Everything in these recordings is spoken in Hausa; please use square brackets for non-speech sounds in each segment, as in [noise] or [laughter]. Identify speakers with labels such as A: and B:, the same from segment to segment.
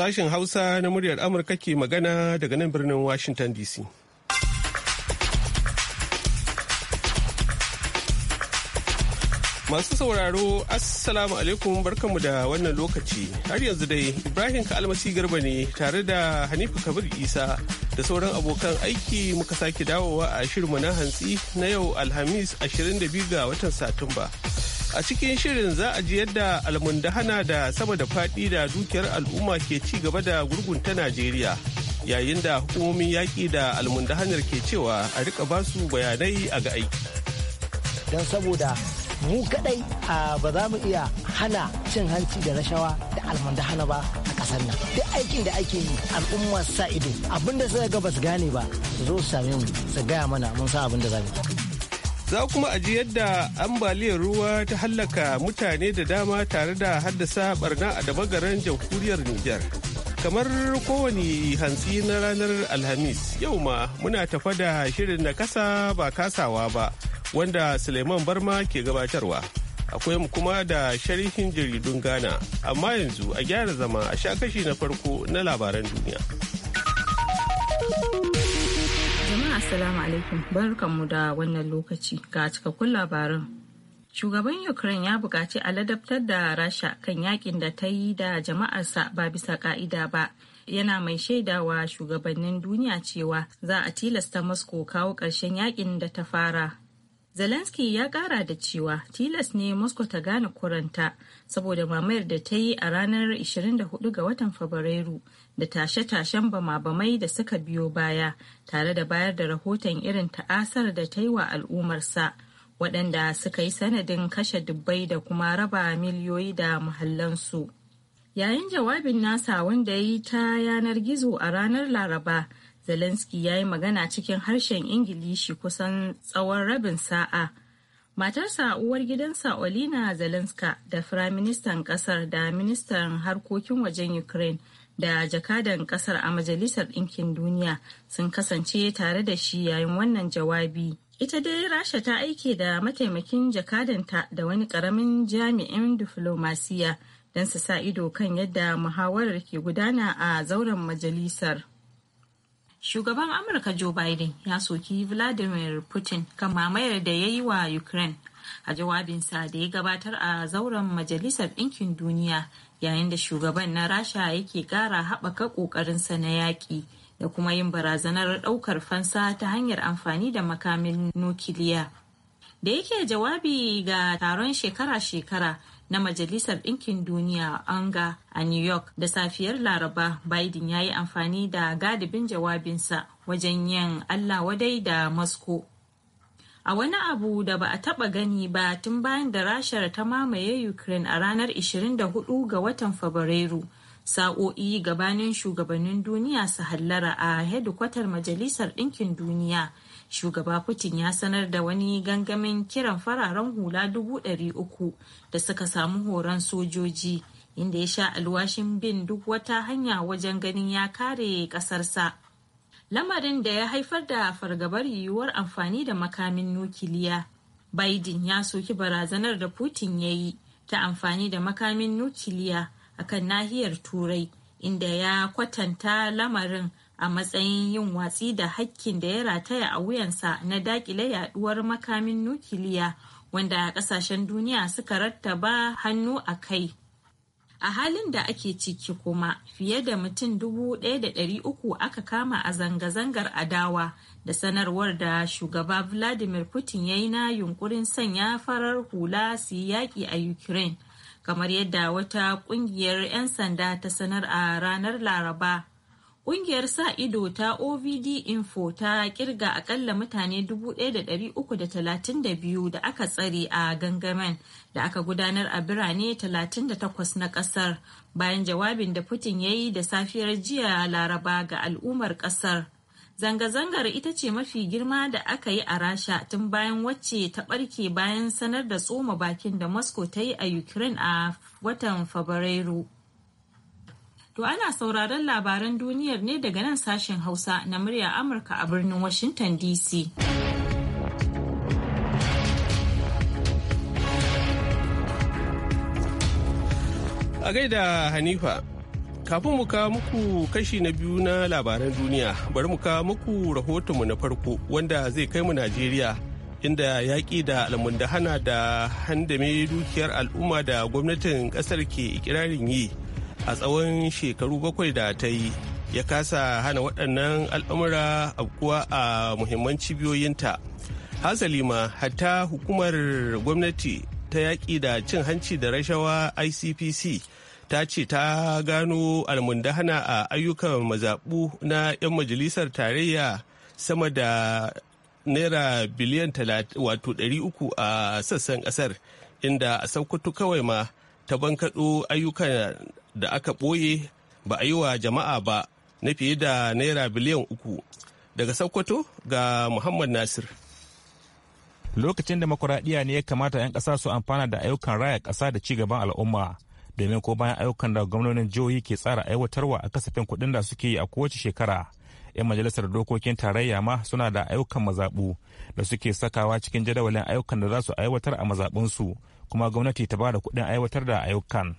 A: Sashen Hausa na muryar Amurka ke magana daga nan birnin Washington DC. Masu sauraro, Assalamu alaikum barkanmu da wannan lokaci. Har yanzu dai Ibrahim Kalmasi Garba ne tare da Hanifu Kabir Isa da sauran abokan aiki muka sake dawowa a shirinmu na hantsi na yau Alhamis 22 ga watan Satumba. A cikin shirin za a ji yadda almundahana da sama da faɗi da dukiyar al'umma ke ci gaba da gurgunta Najeriya. Yayin da hukumomin yaƙi da almundahanar ke cewa a rika su bayanai a ga aiki.
B: Don saboda mu kadai ba za mu iya hana cin hanci da rashawa da almundahana ba a ƙasar nan. Duk aikin da ake yi al'umma sa ido abinda suka ga ba su gane ba su zo su same mu su gaya mana mun sa abin da za mu.
A: za kuma aji yadda ambaliyar ruwa ta hallaka mutane da dama tare da haddasa barna a garin jamhuriyar Nijar. Kamar kowane hantsi na ranar Alhamis, yau ma muna tafa da shirin na kasa ba kasawa ba, wanda Suleiman Barma ke gabatarwa. Akwai mu kuma da sharihin jaridun Ghana, amma yanzu a gyara zama a sha kashi na farko na labaran duniya.
C: Assalamu alaikum barkanmu da wannan lokaci ga cikakkun labaran. Shugaban Ukraine ya buƙaci a ladabtar da Rasha kan yakin da ta yi da jama'arsa ba bisa ka'ida ba. Yana mai shaidawa shugabannin duniya cewa za a tilasta Moscow kawo ƙarshen yakin da ta fara Zelensky ya kara da cewa tilas ne Moscow ta gane kuranta saboda mamayar da ta yi a ranar 24 ga watan Fabrairu da tashe-tashen bama-bamai da suka biyo baya tare da bayar da rahoton irin ta'asar da ta yi wa al'ummarsa waɗanda suka yi sanadin kashe dubbai da kuma raba miliyoyi da muhallansu. Yayin jawabin nasa wanda ya yi ta yanar gizo a ranar Laraba. Zelensky ya yi magana cikin harshen Ingilishi kusan tsawon rabin sa'a. Matarsa uwar gidansa Olina Zelenska da Firaministan ƙasar da Ministan Harkokin wajen Ukraine da jakadan ƙasar a Majalisar Ɗinkin Duniya sun kasance tare da shi yayin wannan jawabi. Ita dai Rasha ta aike da mataimakin jakadanta da wani ƙaramin jami'in diflomasiya don su sa ido kan yadda muhawarar ke gudana a zauren majalisar. Shugaban Amurka Joe Biden ya soki Vladimir Putin kan mamayar da ya yi wa Ukraine a jawabinsa da ya gabatar a zauren Majalisar Ɗinkin Duniya yayin da shugaban na Rasha yake ƙara haɓaka ƙoƙarinsa na yaƙi da kuma yin barazanar ɗaukar fansa ta hanyar amfani da makamin nukiliya. Da yake jawabi ga taron shekara-shekara na Majalisar Ɗinkin Duniya Anga a New York da safiyar Laraba Biden ya yi amfani da gadibin jawabinsa wajen yin Allah wadai da Moscow. A wani abu da ba a taba gani ba tun bayan da Rashar ta mamaye Ukraine a ranar 24 ga watan Fabrairu. Sa'o'i gabanin shugabannin duniya su hallara a hedikwatar Majalisar Ɗinkin Duniya. shugaba putin ya sanar da wani gangamin kiran fararen hula dubu ɗari uku da suka samu horon sojoji inda ya sha alwashin bin duk wata hanya wajen ganin ya kare ƙasarsa lamarin da ya haifar da fargabar yiwuwar amfani da makamin nukiliya biden ya soki barazanar da putin ya yi ta amfani da makamin nukiliya akan nahiyar turai inda ya kwatanta lamarin a matsayin yin watsi da hakkin da ya rataya a wuyansa na dakile yaduwar makamin nukiliya wanda kasashen duniya suka rattaba hannu a kai a halin da ake ciki kuma fiye da mutum 1,300 aka kama a zanga-zangar adawa da sanarwar da shugaba vladimir putin ya yi na yunkurin sanya farar hula su yi yaƙi a ukraine kamar yadda wata ƙungiyar 'yan sanda ta sanar a ranar laraba Ƙungiyar sa ido ta OVD Info ta kirga akalla mutane 1,332 da aka tsare a gangamen da aka gudanar a birane 38 na ƙasar bayan jawabin da Putin ya yi da safiyar jiya Laraba ga al'ummar ƙasar. Zanga-zangar ita ce mafi girma da aka yi a Rasha tun bayan wacce ta ɓarke bayan sanar da tsoma bakin da Moscow ta yi a Ukraine a watan Fabrairu. To ana sauraron labaran duniyar ne daga nan sashen Hausa na murya Amurka a birnin Washington DC.
A: A gaida Hanifa, kafin mu kawo muku kashi na biyu na labaran duniya, bari mu kawo muku rahotonmu na farko wanda zai kai mu Najeriya. inda yaƙi da almundahana da handame dukiyar al'umma da gwamnatin ƙasar ke ikirarin yi a tsawon shekaru bakwai da ta yi ya kasa hana waɗannan al'amura abkuwa a muhimman cibiyoyinta hasali ma hatta hukumar gwamnati ta yaƙi da cin hanci da rashawa icpc ta ce ta gano almundahana a ayyukan mazaɓu na 'yan majalisar tarayya sama da naira biliyan wato 300 a sassan ƙasar inda a saukutu kawai ma ta bankaɗo ayyukan da aka ɓoye ba a yi wa jama'a ba na fiye da naira biliyan uku daga sokoto ga muhammad nasir
D: lokacin demokuraɗiyya ne ya kamata 'yan ƙasa su amfana da ayyukan raya ƙasa da ci gaban al'umma domin ko bayan ayyukan da gwamnonin jihohi ke tsara aiwatarwa a kasafin kuɗin da suke yi a kowace shekara 'yan majalisar dokokin tarayya ma suna da ayyukan mazaɓu da suke sakawa cikin jadawalin ayyukan da za su aiwatar a mazaɓunsu kuma gwamnati ta ba da kuɗin aiwatar da ayyukan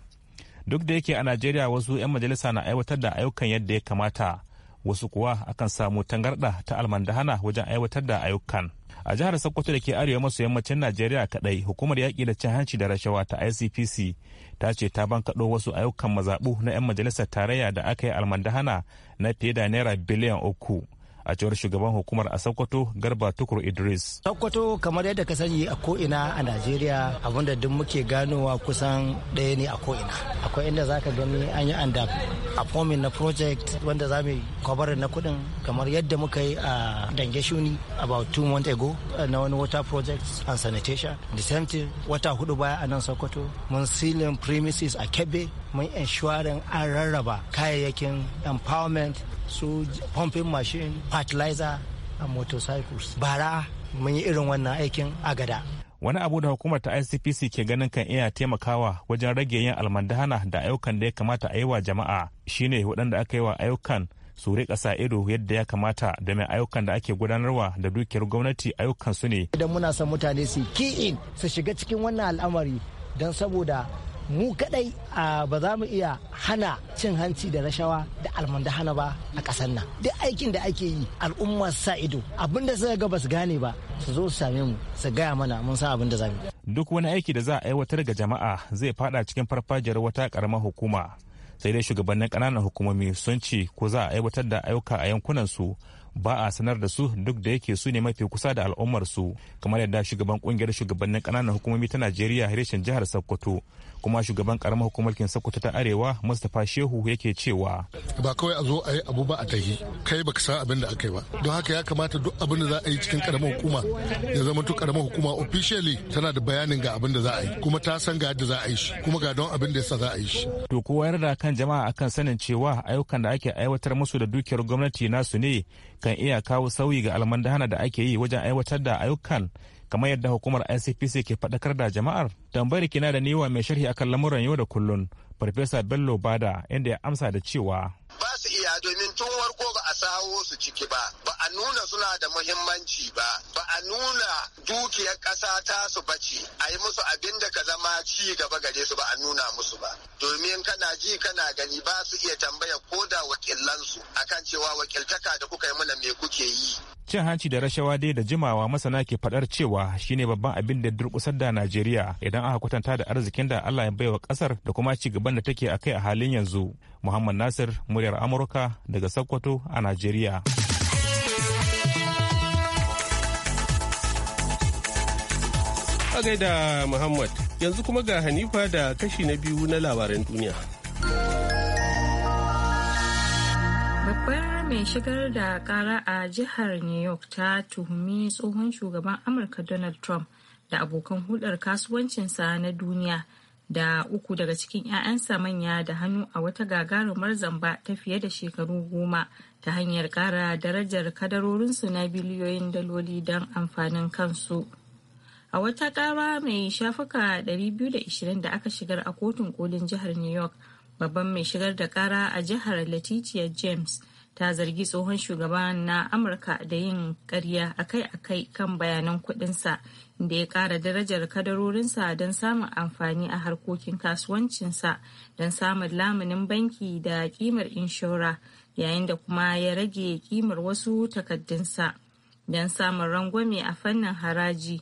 D: duk da yake a najeriya wasu 'yan majalisa na aiwatar da ayyukan yadda ya kamata wasu kuwa akan samu tangarɗa ta almandahana wajen aiwatar da ayyukan a jihar sokoto da ke arewa maso yammacin najeriya kadai hukumar yaƙi da cin hanci da rashawa ta icpc ta ce ta bankaɗo wasu ayyukan mazaɓu na 'yan majalisar tarayya da aka yi almandahana na fiye da naira biliyan uku a cewar shugaban hukumar a sokoto garba tukur idris sokoto kamar
B: yadda ka sani a ko'ina a najeriya abinda duk muke ganowa kusan ɗaya ne a ko'ina akwai inda zaka gani an yi anda appointment na project wanda za mu kwabarin na kuɗin kamar yadda muka yi a dange shuni about two months ago na wani water project and sanitation the same thing wata hudu baya a nan sokoto mun sealing premises a kebe mun ensuring an rarraba kayayyakin empowerment su pumping machine fertilizer a motorcycles bara mun yi irin wannan aikin a gada
D: wani abu da hukumar ta icpc ke ganin kan iya taimakawa wajen rage yin almandahana da ayyukan da ya kamata a yi wa jama'a shine waɗanda aka yi wa ayyukan su riƙa sa ido yadda ya kamata da mai ayyukan da ake gudanarwa da dukiyar gwamnati ayyukan su ne
B: idan muna son mutane su ki'in su shiga cikin wannan al'amari don saboda mu kadai ba za mu iya hana cin hanci da rashawa da almanda hana ba a ƙasar nan duk aikin da ake yi al'umma sa ido abin da suka ga ba su gane ba su zo su same mu su
D: gaya mana mun san abin da za mu duk wani aiki da za a aiwatar ga jama'a zai fada cikin farfajiyar wata karamar hukuma sai dai shugabannin kananan hukumomi sun ce ko za a aiwatar da ayyuka a yankunan su ba a sanar da su duk da yake su ne mafi kusa da al'ummar su kamar yadda shugaban kungiyar shugabannin kananan hukumomi ta najeriya reshen jihar sokoto kuma shugaban karamar hukumar kin sokoto ta arewa mustapha shehu yake cewa ba kawai a zo a yi abu ba a tahi kai baka san abin da aka yi ba don haka ya kamata duk abin da za a yi cikin karamar hukuma ya zama to karamar hukuma officially tana da bayanin ga abin da za a yi kuma ta san ga yadda za a yi shi kuma ga don abin da yasa za a yi shi to ko wayar da kan jama'a akan sanin cewa ayyukan da ake aiwatar musu da dukiyar gwamnati nasu ne kan iya kawo sauyi ga almandahana da ake yi wajen aiwatar da ayyukan kamar yadda hukumar icpc ke faɗakar da jama'ar tambayar kina da niwa mai sharhi akan lamuran yau da kullun farfesa bello bada inda ya amsa da cewa
E: ba su iya domin tun warko
F: sawo su ciki ba ba a nuna suna da muhimmanci ba ba a nuna dukiyar ƙasa ta su bace a yi musu abin da ka zama ci gaba gare su ba a nuna musu ba domin kana ji kana gani ba su iya tambaya ko da wakilansu akan cewa wakiltaka da kuka yi mana me
D: kuke yi cin hanci da rashawa dai da jimawa masana ke fadar cewa shine babban abin da durkusar da najeriya idan aka kwatanta da arzikin da allah ya baiwa kasar da kuma ci gaban da take akai a halin yanzu muhammad nasir muryar amurka daga sokoto a Najeriya.
A: A gaida Muhammad, yanzu kuma ga Hanifa da kashi na biyu na labaran duniya.
C: Babbar mai shigar da kara a jihar New York ta tuhumi tsohon shugaban Amurka Donald Trump da abokan hudar kasuwancinsa na duniya da uku daga cikin 'ya'yansa manya da hannu a wata gagarumar zamba ta fiye da shekaru goma ta hanyar ƙara darajar kadarorinsu na biliyoyin daloli don amfanin kansu. A wata ƙara mai shafuka 220 da aka shigar a kotun kolin jihar New York, babban mai shigar da ƙara a jihar Letitia James ta zargi tsohon shugaban na Amurka da yin ƙarya akai-akai kan bayanan kuɗinsa da ya kara darajar kadarorinsa don samun amfani a harkokin kasuwancinsa don samun lamunin banki da kimar inshora yayin da kuma ya rage kimar wasu takaddunsa don samun rangwame a fannin haraji.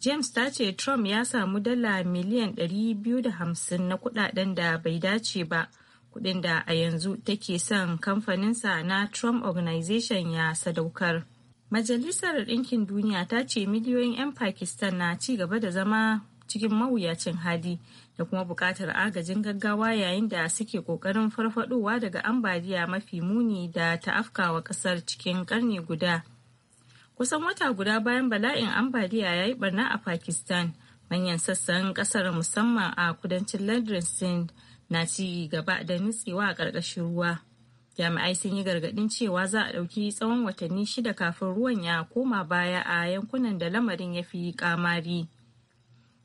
C: James ta ce Trump ya samu dala miliyan 250 na kudaden da bai dace ba, kudin da a yanzu take son kamfaninsa na Trump Organization ya sadaukar. Majalisar Ɗinkin Duniya ta ce miliyoyin 'yan Pakistan na ci gaba da zama cikin mawuyacin hali da kuma buƙatar agajin gaggawa yayin da suke ƙoƙarin farfaɗowa daga ambaliya mafi muni da ta afkawa ƙasar cikin ƙarni guda. Kusan wata guda bayan bala'in ambaliya ya yi barna a Pakistan, manyan sassan ƙasar musamman a kudancin Lardin Sindh na ci gaba da nutsewa a ƙarƙashin ruwa. jami'ai sun yi gargadin cewa za a ɗauki tsawon watanni shida kafin ruwan ya koma baya a yankunan da lamarin ya fi kamari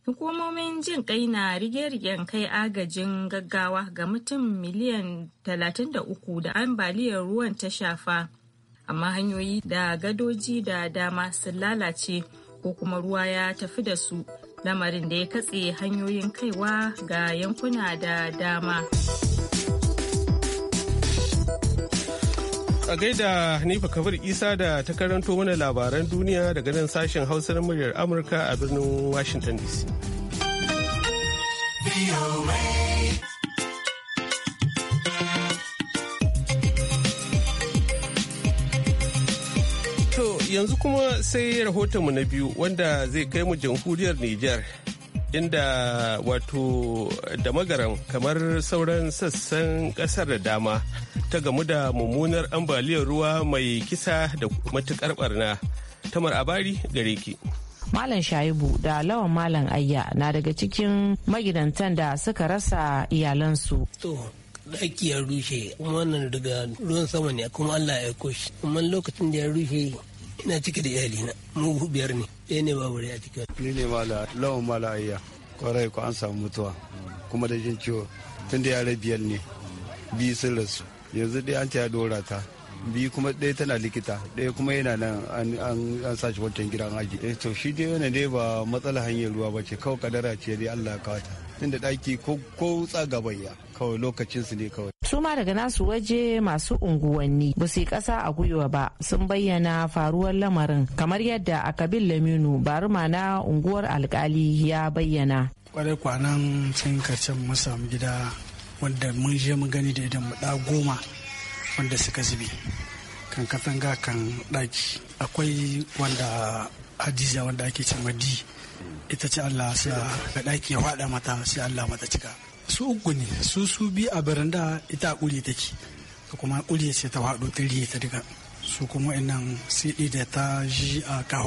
C: hukumomin jin kai na rige-rigen kai agajin gaggawa ga mutum miliyan 33 da ambaliyar ruwan ta shafa amma hanyoyi da gadoji da dama sun lalace ko kuma ruwa ya tafi da su lamarin da ya katse hanyoyin kaiwa ga yankuna da dama.
A: a gaida Hanifa Kabir Isa da ta karanto mana labaran duniya daga nan sashen Hausa na muryar Amurka a birnin Washington DC. yanzu kuma sai rahotonmu na biyu wanda zai kai mu jamhuriyar Nijar. inda wato da magaran kamar sauran sassan kasar da dama ta gamu da mummunar ambaliyar ruwa mai kisa da matukar barna tamar abari gare ki
G: Malam Shaibu da lawan Malam Ayya na daga cikin magidantan da suka rasa iyalansu.
B: ɗaki ya rushe kuma wannan daga ruwan sama ne kuma Allah ya kushe. kuma lokacin da ya rushe ina cike da iyalina mu biyar ne ɗaya ne ba wuri a
F: cikin ni ne mala lawan mala ayya kwarai ko an samu mutuwa kuma da jin ciwo tun da yare biyar ne biyu sun rasu yanzu dai an ta ya dora ta biyu kuma ɗaya tana likita ɗaya kuma yana nan an sa shi wancan gidan aji eh, to shi dai wannan dai ba matsala hanyar ruwa ba ce kawai kadara ce dai Allah ya kawata inda ɗaki ko tsagabayya kawai lokacin su ne kawai.
G: su ma daga nasu waje masu unguwanni ba su yi ƙasa a gwiwa ba sun bayyana faruwar lamarin kamar yadda a kabil laminu baruma na unguwar alkali ya bayyana.
H: kwarai kwanan sun karcen masa samu gida wanda mun je mu gani da idan da goma wanda suka zube kan ga kan ɗaki akwai wanda hadiza wanda ake cewa di. ita ce Allah sa ga ɗaki ya faɗa mata sai Allah mata cika su uku ne su su bi a baranda ita ƙuri take kuma ƙuri ce ta faɗo ta riye ta diga su kuma inan sai da ta ji a ka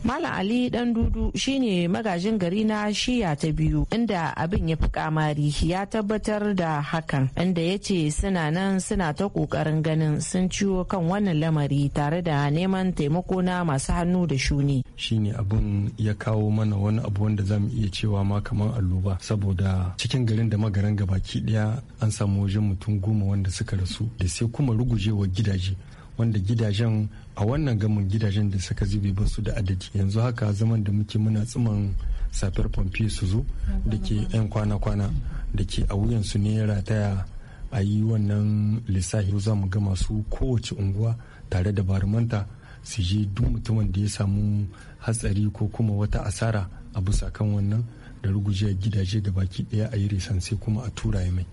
G: Malam Ali Dan Dudu shine magajin gari na shiya ta biyu inda abin ya fi kamari ya tabbatar da hakan inda ya ce suna nan suna ta kokarin ganin sun ciwo kan wannan lamari tare da neman taimako na masu hannu da shuni.
I: Shine abin ya kawo mana wani abu wanda zamu iya cewa ma kamar alluba saboda cikin garin da magaran gabaki daya an samu wajen mutum goma wanda suka rasu da sai kuma rugujewa gidaje wanda gidajen a wannan gamin gidajen da suka zube ba su da adadi yanzu haka zaman da muke muna tsiman safiyar pompe su zo da ke 'yan kwana-kwana da ke a wuyansu ne rataya a yi wannan lissafi za mu gama su kowace unguwa tare da barumanta su je duk mutumin da ya samu hatsari ko kuma wata asara a bisa kan wannan da rugujiyar gidaje da baki daya a yi sai kuma a tura mai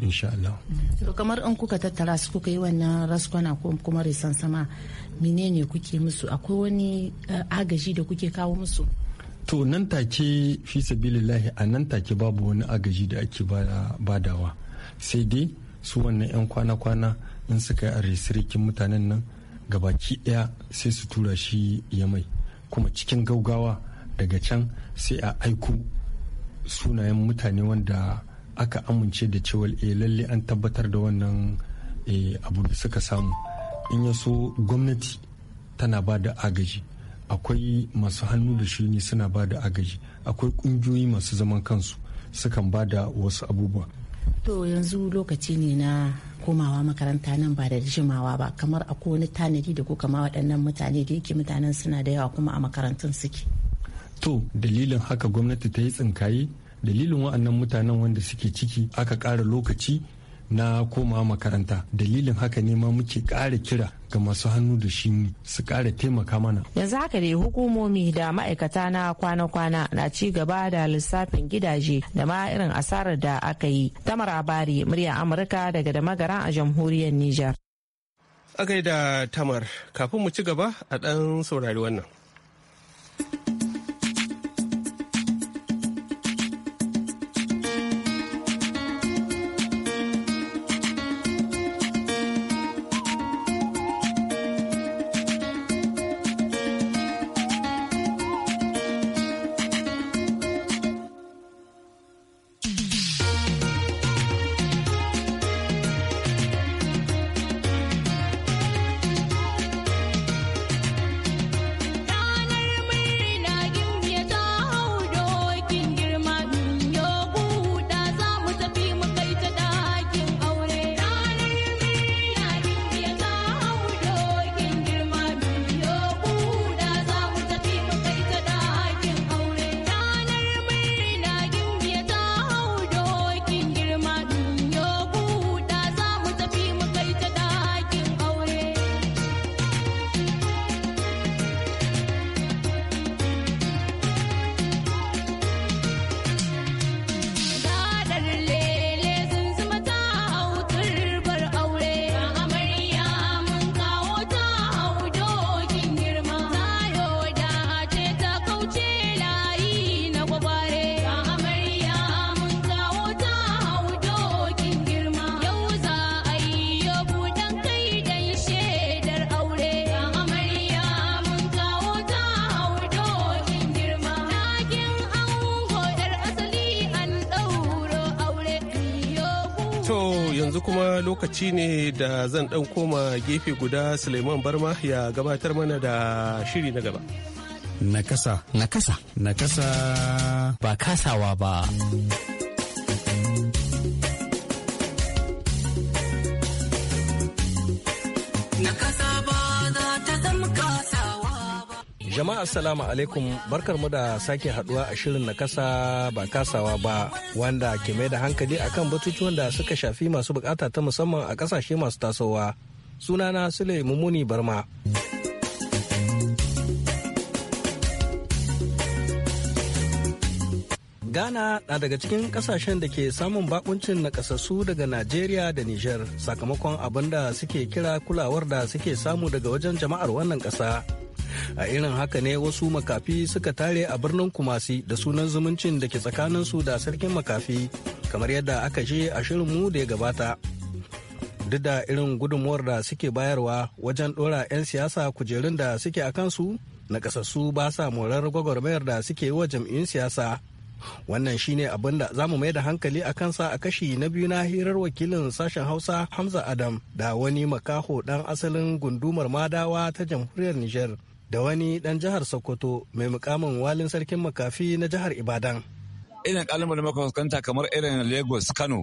I: insha Allah
G: to kamar in kuka tattara su kuka yi wannan raskwana ko kuma risan sama menene kuke musu akwai wani eh, agaji da kuke kawo musu
I: to nan take fi sabilillahi a nan take babu wani agaji da ake badawa sai dai su wannan 'yan kwana-kwana in suka yi arisirikin mutanen nan gabaki daya sai su tura shi ya mai kuma cikin gaugawa daga can sai a aiko sunayen mutane wanda aka amince da cewa e, lalle an tabbatar da wannan e, abu da suka samu in ya so gwamnati tana ba da agaji akwai masu hannu da shi ne suna ba da agaji akwai kungiyoyi masu zaman kansu sukan ba da wasu abubuwa
G: to yanzu lokaci ne na komawa makaranta nan ba da jimawa ba kamar a wani tanadi da kuka ma waɗannan mutane da yake mutanen suna da yawa kuma a makarantun suke to
I: dalilin haka gwamnati ta yi tsinkaye dalilin wa'annan mutanen wanda suke ciki aka ƙara lokaci na koma makaranta dalilin haka ne ma muke kara kira ga masu hannu da shi su kara taimaka mana
G: yanzu haka ne hukumomi da ma'aikata na kwana-kwana na ci gaba da lissafin gidaje da ma irin asarar da aka yi tamar abari murya amurka daga da magara a jamhuriyar niger
A: a da tamar kafin mu ci gaba a ɗan saurari wannan kuma lokaci ne da zan ɗan koma gefe guda Suleiman Barma ya gabatar mana da shiri na gaba.
I: Nakasa. Nakasa.
J: Nakasa.
B: Ba kasawa ba.
H: Jama'a assalamu alaikum mu da sake haduwa a shirin na kasa ba kasawa ba wanda ke mai da hankali akan batutuwan da suka shafi masu bukata ta musamman a kasashe masu tasowa. Sunana Sule Mumuni Barma. Ghana na daga cikin kasashen da ke samun bakuncin nakasassu daga Najeriya da Nijar sakamakon abin da suke kira kulawar da suke samu daga wajen jama'ar wannan kasa. a irin haka ne wasu makafi suka tare a birnin kumasi da sunan zumuncin da ke tsakanin su da sarkin makafi kamar yadda aka je a shirin mu da ya gabata duk da irin gudunmuwar da suke bayarwa wajen ɗora 'yan siyasa kujerun da suke a kansu na kasassu ba sa morar gwagwarmayar da suke wa jam'iyyun siyasa wannan shine abin da za mu mai da hankali a kansa a kashi na biyu na hirar wakilin sashen hausa hamza adam da wani makaho dan asalin gundumar madawa ta jamhuriyar niger da wani dan jihar Sokoto mai mukamin walin sarkin makafi na jihar Ibadan.
K: Irin kalmar da muka fuskanta kamar irin Lagos Kano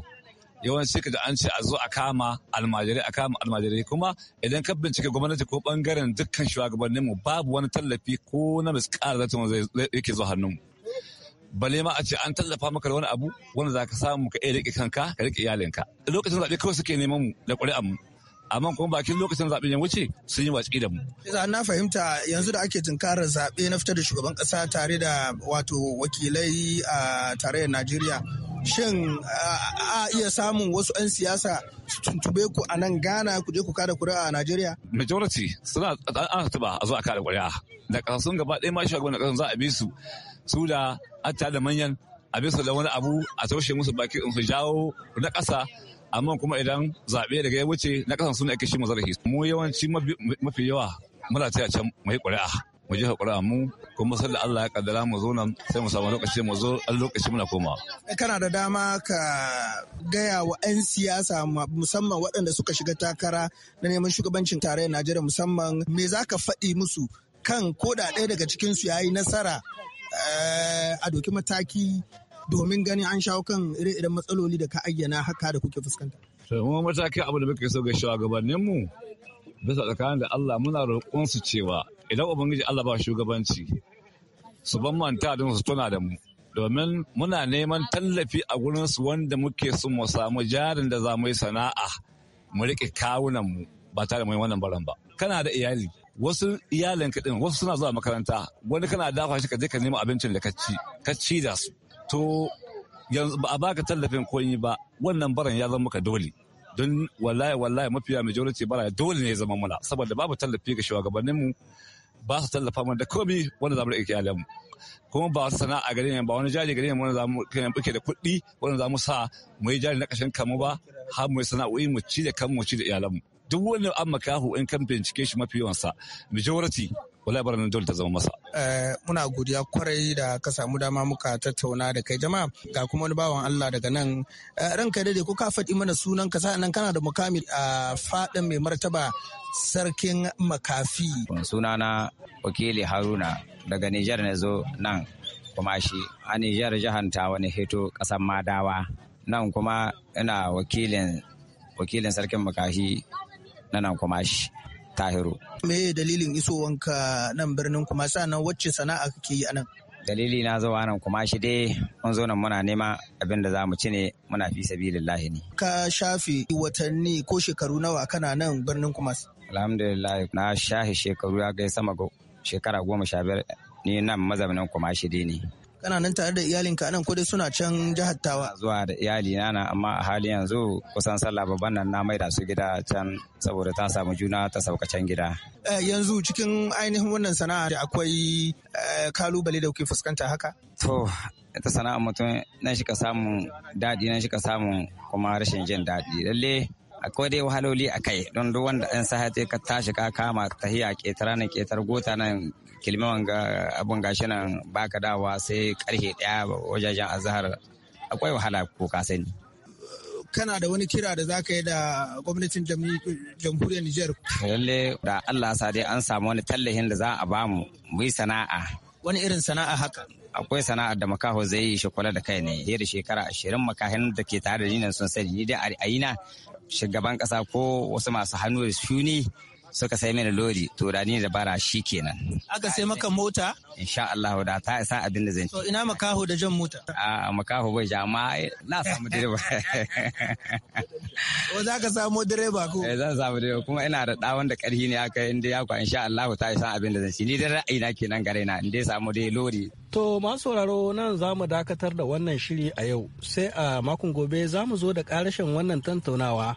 K: yawanci da an ce a zo a kama almajirai a kama almajirai kuma idan ka bincike gwamnati ko bangaren dukkan shugabannin mu babu wani tallafi ko na miskar tun yake zo hannun mu. Bale ma a ce an tallafa maka da wani abu wanda za ka samu ka iya riƙe kanka ka riƙe iyalinka. Lokacin zaɓe kawai suke neman mu da ƙuri'an mu. amma kuma bakin lokacin zaɓen ya wuce sun yi watsi da mu.
L: Iza na fahimta yanzu da ake tunkarar zaɓe na fitar da shugaban ƙasa tare da wato wakilai a tarayyar Najeriya. Shin a iya samun wasu 'yan siyasa su tuntube ku a nan Ghana ku je ku kada kuri'a a Najeriya?
K: Majority suna an ba a zo a kada kuri'a. Da ƙasa sun gaba ɗaya ma shugaban ƙasa za a bi su su da hatta da manyan a bi su da wani abu a taushe musu baki su jawo na ƙasa amma kuma idan zaɓe daga ya wuce na ƙasan suna ake shi zarafi mu yawanci mafi yawa muna ta can mu yi ƙuri'a mu jefa ƙuri'a mu kuma sai da Allah ya kaddara mu zo nan sai mu samu lokaci mu zo a lokaci muna koma
L: eh, kana da dama ka gaya wa 'yan siyasa musamman waɗanda suka shiga takara na neman shugabancin tarayyar Najeriya musamman me za ka faɗi musu kan koda ɗaya daga cikinsu ya yi nasara eh, a doki mataki domin ganin an shawo kan ire-iren matsaloli da ka ayyana haka da
K: kuke fuskanta. Mu matakin abu da muke so ga mu bisa tsakanin da Allah muna roƙon su cewa idan ubangiji Allah ba shugabanci su ban manta don su tuna da mu domin muna neman tallafi a gurin su wanda muke so mu samu jarin da za mu yi sana'a mu riƙe kawunan mu ba tare mu yi wannan baran ba kana da iyali wasu iyalin kaɗin wasu suna zuwa makaranta wani kana dafa shi ka je ka nemi abincin da ka ci ka ci da su to yanzu ba a baka tallafin koyi ba wannan baran ya zama ka dole don wallahi wallahi mafiya majority bara dole ne ya zama mana saboda babu tallafi ga mu ba su tallafa mana da komai wanda za mu rike iyalanmu kuma ba sana'a gare ne ba wani jari gare ne wanda za mu kan buke da kuɗi wanda za mu sa mu yi jari na kashin kanmu ba har mu yi sana'o'i mu ci da kanmu ci da mu duk wani an makahu in kan bincike shi mafi yawansa majority wala bara dole ta zama masa
L: eh, muna godiya kwarai da ka samu dama muka tattauna da kai jama'a ga kuma wani bawan Allah daga nan eh, ranka dai ko ka faɗi mana sunan ka sa'an kana da mukami a faɗin mai martaba sarkin makafi
J: sunana wakili haruna daga Nijar na zo nan kuma shi a Nijar jahanta wani heto ƙasar madawa nan kuma ina wakilin wakilin sarkin makafi na nan kuma shi Tahiru.
L: Me dalilin isowanka nan birnin kuma nan wacce sana'a kake yi anan?
J: Dalili na zuwa nan kuma shi dai mun zo nan muna nema abin da za mu ci ne muna fi sabilillahi ne.
L: Ka shafe watanni ko shekaru nawa kana nan birnin kuma?
J: Alhamdulillah na shafe shekaru ya kai sama shekara goma sha biyar ni nan mazaunin kuma shi dai ne.
L: kana nan tare da iyalinka nan ko dai suna can jihar tawa
J: zuwa da iyali na amma a halin yanzu kusan sallah babban nan na maida su gida can saboda ta samu juna ta sauka can gida
L: eh, yanzu cikin ainihin wannan sana'a da akwai eh, kalubale da kuke fuskanta haka
J: to ita sana'a mutum nan shi ka samu daɗi nan shi ka samu kuma rashin jin daɗi lalle akwai dai wahaloli a kai don duk wanda ɗan sahate ka tashi ka kama tahiya ketara na ketar gota nan kilimawan ga abun gashi nan baka dawa sai karfe daya wajajen azahar akwai wahala ko ka sani
L: kana da wani kira da zaka yi da gwamnatin jamhuriyar Nijar?
J: Lalle da Allah sa dai an samu wani tallahin da za a bamu mu yi sana'a. Wani
L: irin sana'a haka?
J: Akwai sana'a da makaho zai yi shi da kai ne, da shekara ashirin makahin da ke tare da ni sun sani, ni dai a yi na shugaban kasa ko wasu masu hannu da shuni suka sai mini lori turani da ni bara shi kenan. Aka sai maka mota? Insha Allah da ta isa abin da zan ci. To ina makaho da jan mota? A makaho bai ja amma na samu direba. [laughs] Ko za ka samu direba ko? Eh zan samu direba kuma ina da ɗa wanda ƙarfi ne aka yi inda ya kwa insha Allah ta isa abin da zan ci. Ni da ra'ayi na kenan gare na inda ya samu dai lori.
H: To masu sauraro nan za mu dakatar da wannan shiri a yau sai a makon gobe za mu zo da ƙarashin wannan tantaunawa.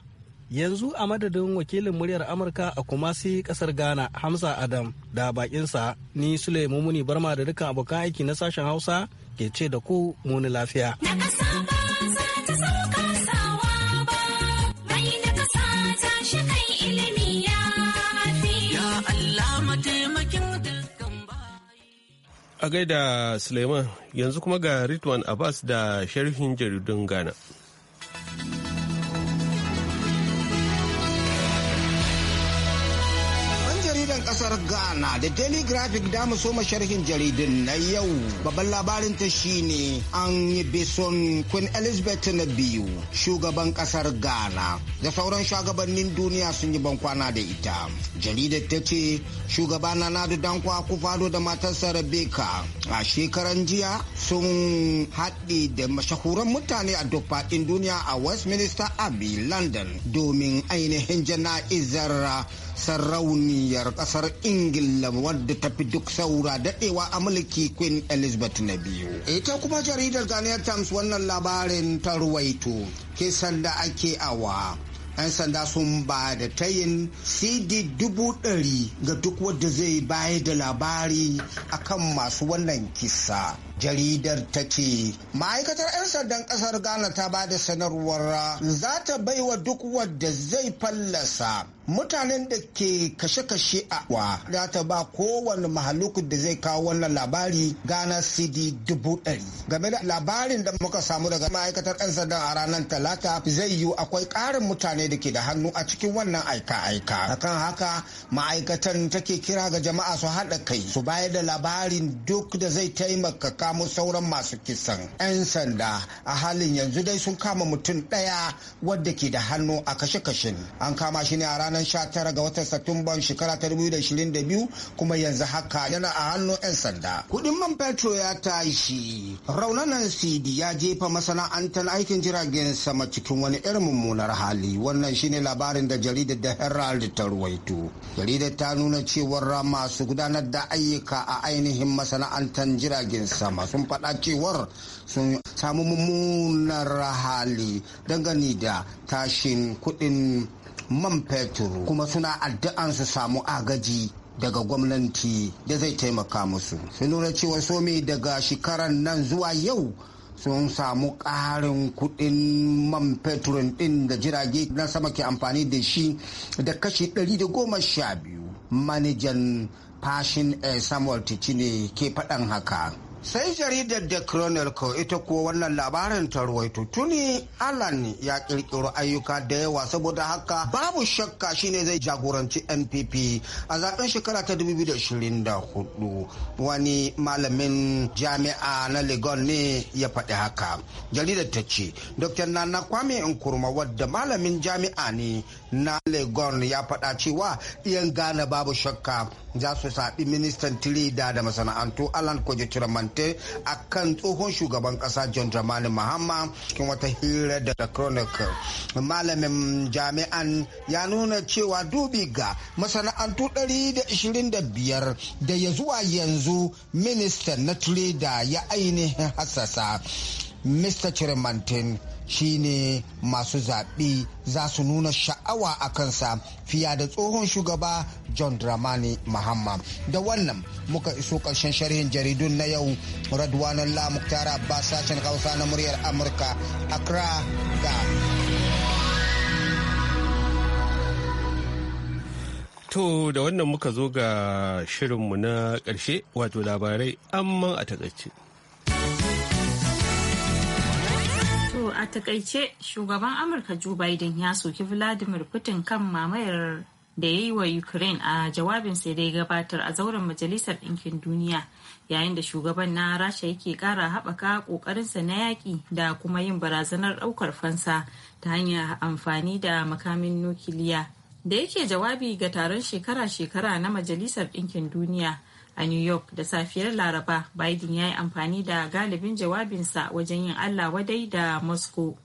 H: yanzu a madadin wakilin muryar amurka a kumasi kasar ghana hamza adam da bakinsa ni sule mumuni barma da dukkan abokan aiki na sashen hausa ke ce da ku muni lafiya
A: a gaida suleiman yanzu kuma ga ritwan abbas da sharhin jaridun ghana
F: kasar Ghana da Daily Graphic da mu soma sharhin jaridun na yau. Babban labarin ta shine an yi bison Queen Elizabeth na biyu shugaban kasar Ghana da sauran shugabannin duniya sun yi bankwana da ita. Jaridar ta ce shugaba na Nadu Dankwa Akufado da matarsa Rebecca a shekaran jiya sun haɗe da mashahuran mutane a duk fadin duniya a Westminster Abbey London domin ainihin jana'izar sarauniyar kasar ingila wadda ta fi duk saura daɗewa a mulki queen elizabeth na biyu ita kuma jaridar ghanaian times wannan labarin ta ruwaito kisan da ake awa 'yan sanda sun ba da tayin cd dubu ɗari ga duk wadda zai bayar da labari akan masu wannan kisa jaridar ta ce ma'aikatar 'yan sandan kasar ghana ta ba da sanarwar za ta baiwa duk wadda zai fallasa mutanen da ke kashe-kashe a wa za ta ba kowane mahaluku da zai kawo wannan labari ghana cd dubu ɗari game da labarin da muka samu daga ma'aikatar 'yan sandan a ranar talata zai yiwu akwai ƙarin mutane da ke da hannu a cikin wannan aika-aika kan haka ma'aikatan take kira ga jama'a su haɗa kai su bayar da labarin duk da zai taimaka kamo sauran masu kisan 'yan sanda a halin yanzu dai sun kama mutum ɗaya wadda ke da hannu a kashe-kashen an kama shi ne a ranar 19 ga watan satumban shekara ta 2022 kuma yanzu haka yana a hannun 'yan sanda kudin man petro ya tashi raunanan cd ya jefa masana'antar aikin jiragen sama cikin wani irin mummunar hali wannan shine labarin da jaridar da herald ta ruwaito jaridar ta nuna cewar masu gudanar da ayyuka a ainihin masana'antar jiragen sama amma sun faɗa cewar sun samu mummunar hali dangane da tashin kuɗin man fetur kuma suna addu'an su samu agaji daga gwamnati da zai taimaka musu sun nuna cewa somi daga shekarar nan zuwa yau sun samu ƙarin kuɗin man fetur ɗin da jirage na sama ke amfani da shi da kashi 112 manajan fashin eh, samuel ne ke faɗan haka sai jaridar da chronicle ita kuwa wannan labarin ta ruwaito tuni alan ya kirkiro ayyuka da yawa saboda haka babu shakka shine zai jagoranci npp a zaben shekara ta 2024 wani malamin jami'a na legon ne ya faɗi haka jaridar ta ce dr nana kwame nkuruma wadda malamin jami'a ne na legon ya faɗa cewa iyan ghana babu shakka za su saɓi ministan tirida da masana'antu alan kwaje tiramante a kan tsohon shugaban ƙasa john dramani mahama cikin wata hira da chronicle malamin jami'an ya nuna cewa dubi ga masana'antu 125 da ya zuwa yanzu ministan na tirida ya ainihin hasasa mr chiramantin shine masu zaɓi za su nuna sha'awa a kansa fiya da tsohon shugaba john dramani mahamma da wannan muka iso ƙarshen sharhin jaridun na yau radwanan tara ba sashen hausa na muryar amurka accra ga
A: to da wannan muka zo ga shirinmu na ƙarshe wato labarai amma a takaice
C: A takaice shugaban Amurka Joe Biden ya soki Vladimir Putin kan mamayar da ya yi wa Ukraine a jawabin sai dai gabatar a zauren Majalisar Ɗinkin Duniya yayin da shugaban na Rasha yake ƙara haɓaka ƙoƙarinsa na yaƙi da kuma yin barazanar ɗaukar fansa ta hanyar amfani da makamin nukiliya. Da yake jawabi ga taron shekara-shekara na Majalisar Ɗinkin Duniya. A New York da safiyar Laraba, Biden ya yi amfani da galibin jawabinsa wajen yin Allah wadai da Moscow.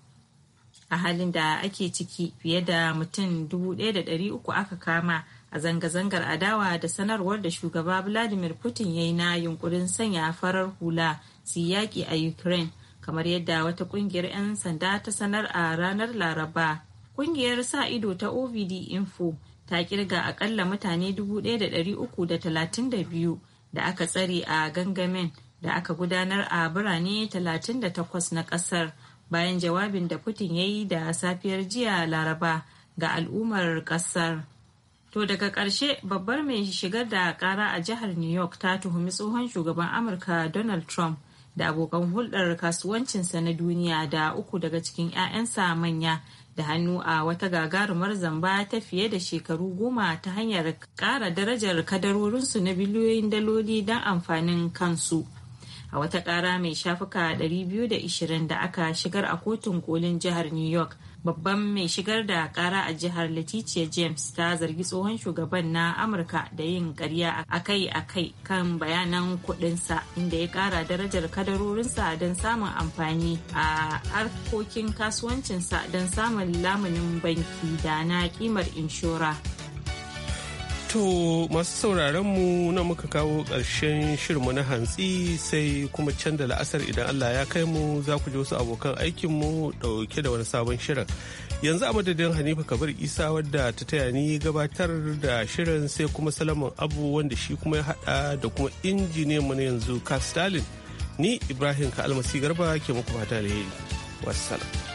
C: A halin da ake ciki fiye da mutum 1,300 aka kama a zanga-zangar adawa da sanarwar da shugaba Vladimir Putin ya yi na yunkurin sanya farar hula su yaƙi a Ukraine, kamar yadda wata ƙungiyar 'yan sanda ta sanar a ranar Laraba. Ƙungiyar sa ido ta OVD Info ta kirga akalla mutane 1,332 da aka tsare a gangamin da aka gudanar a birane 38 na kasar bayan jawabin da Putin ya yi da safiyar jiya Laraba ga al'ummar kasar. To daga ƙarshe babbar mai shigar da kara a jihar New York ta tuhumi tsohon shugaban Amurka Donald Trump da abokan hulɗar kasuwancinsa na duniya da uku daga cikin 'ya'yansa manya da hannu a wata gagarumar zamba ta fiye da shekaru goma ta hanyar ƙara darajar kadarorinsu na biliyoyin daloli don amfanin kansu a wata ƙara mai shafuka 220 da aka shigar a kotun kolin jihar new york babban mai shigar da kara a jihar Letitia james ta zargi tsohon shugaban na amurka da yin karya akai-akai kan bayanan sa inda ya kara darajar kadarorinsa don samun amfani a harkokin kasuwancinsa don samun lamunin banki da na kimar inshora
A: To masu sauraron mu na muka kawo ƙarshen shirmu na hantsi sai kuma can da la'asar idan Allah ya kai mu za ku ji wasu abokan aikinmu ɗauke da wani sabon shirin. Yanzu a madadin Hanifa Kabir Isa wadda ta taya ni gabatar da shirin sai kuma Salamun Abu wanda shi kuma ya haɗa da kuma injiniyan mu na yanzu Kastalin. Ni Ibrahim Ka'almasi Garba ke muku fata da Wassalam.